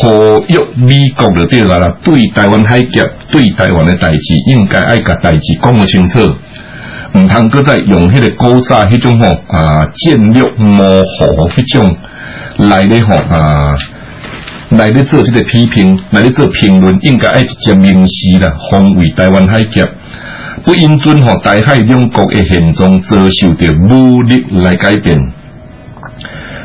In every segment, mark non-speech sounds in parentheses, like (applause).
何約美國嘅對，對台灣海峽，對台灣嘅代志，應該愛要代志講講清楚，唔能再用嗰啲高炸嗰種啊，戰略模糊嗰種來嚟啲啊，嚟啲做呢個批評，嚟啲做評論，應該要直接明示啦，防衛台灣海峽，不應遵何台海兩國嘅現狀遭受到武力來改變。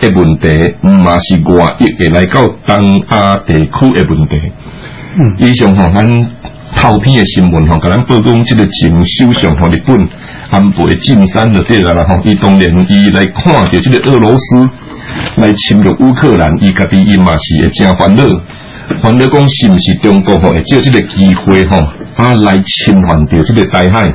嘅問題唔嘛是話，要來到東亞地區的問題。嗯，以上可能頭篇嘅新聞，向格咱報告這上，即個前首相向日本安倍晉三就跌個，啦，吼，伊當然伊來看到即個俄羅斯來侵略烏克蘭，伊家己伊嘛是會真煩惱，煩惱講是唔是中國吼，會借即個機會吼，啊來侵犯掉即個台海。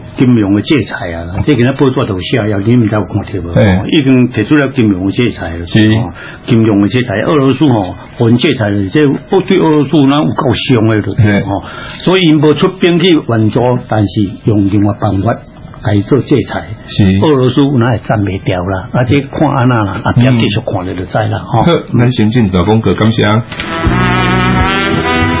金融的制裁啊，即頭啊，已經提出了金融的制裁。是，金融的制裁，俄羅斯哦，搵制裁即俄羅斯哪有夠的、就是是哦、所以唔出兵去援助，但是用另外辦法嚟做制裁。是，俄羅斯嗱係佔未掉啦，而、啊、且看啊嗱，啊邊繼續看你就知啦。嗬、嗯，咩先、哦、進嘅風格咁樣？感謝嗯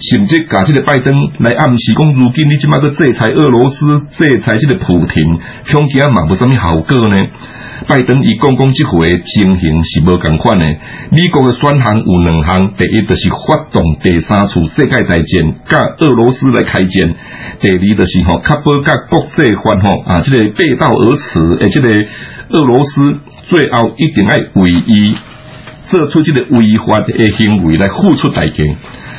甚至甲即個拜登來暗示，講如今你只馬佇制裁俄羅斯、制裁這個普京，究竟也冇冇什麼效果呢？拜登伊講講即回情形是冇同款呢。美國嘅選項有兩項，第一就是發動第三次世界大戰，甲俄羅斯來開戰；第二就是吼、哦，確保甲國際犯吼啊，即、這個背道而馳，而、這、且個俄羅斯最後一定要為伊做出這個違法嘅行為來付出代價。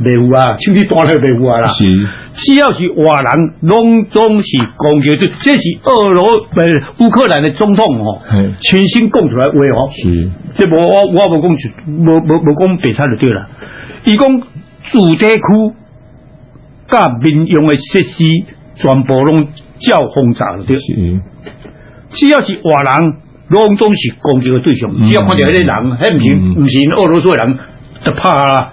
未有啊，像你帶嚟未有啊啦。是只要是華人攏總是攻擊對，這是俄羅斯，呃，烏克蘭的總統哦，嘿全新供出來威哦。是，我我唔講，住，唔唔唔講，俾他就對啦。如果住宅區加民用的設施，全部攏照轟炸就對。是只要是華人攏總是攻擊的對象，嗯嗯嗯嗯只要看見有啲人，係唔是唔、嗯嗯、是俄羅斯人，就怕了啦。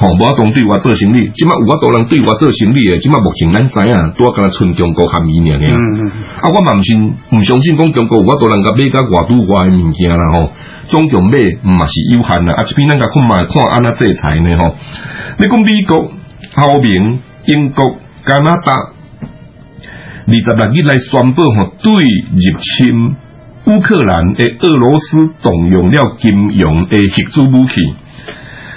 無、哦、我講對外做生意，即咪有我多人對外做生意嘅，即咪目前咱知影拄啊，跟佢存中國含義嘅、嗯啊哦。啊，我嘛毋信毋相信講中國有我多人甲買甲外貿嘅物件啦，吼，中港買毋嘛是有限啊，啊，即邊咱甲看買看安怎制裁呢，吼、哦，你、就、講、是、美國、歐盟、英國、加拿大二十六日嚟宣布對入侵烏克蘭嘅俄羅斯動用了金融嘅協助武器。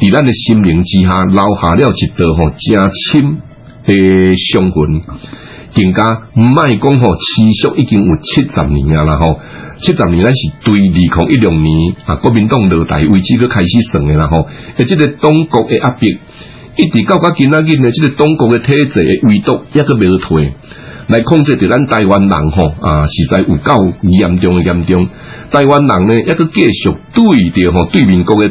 在咱的心靈之下留下了一道很深的傷痕，更加唔賣講嗬，持續已經有七十年啦，嗬、哦，七十年，咱是對抵抗一六年，啊，國民黨落台為止，都開始算嘅，然、哦、後，而即個當局的壓力一直到今仔日呢，即、這個當局的體制嘅威毒一個未退，來控制住咱台灣人，吼、哦。啊，實在有夠嚴重的嚴重，台灣人呢一個繼續對住嗬、哦、對民國的。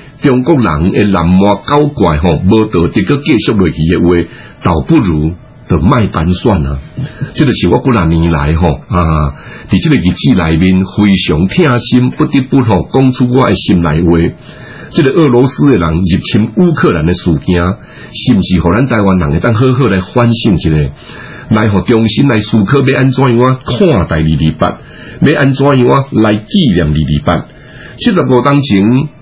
中國人誒冷漠交怪吼，無道德個繼續落去誒話，倒不如就賣盤算 (laughs) 啊。即是我幾若年來吼啊，喺即個日子內面非常疼心，不得不吼講出我誒心內話。即、這個俄羅斯誒人入侵烏克蘭誒事件，是毋是互咱台灣人會當好好嚟反省一下，來互中心嚟時刻要安怎樣啊？看待二二八，要安怎樣啊？來紀念二二八，七十五當前。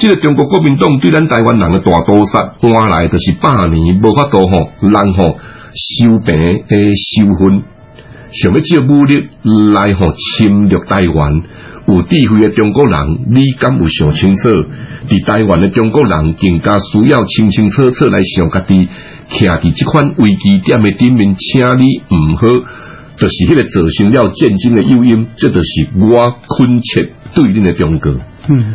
即個中國國民黨對咱台灣人的大屠殺，換來就是百年無法度吼，人吼收病誒受困，想要借武力來吼侵略台灣，有智慧嘅中國人，你敢有想清楚？佇台灣嘅中國人更加需要清清楚楚來想家己，倚佇即款危機點嘅頂面，請你毋好，著、就是迄個造成了戰爭嘅誘因，這著是我懇切對恁嘅忠告。嗯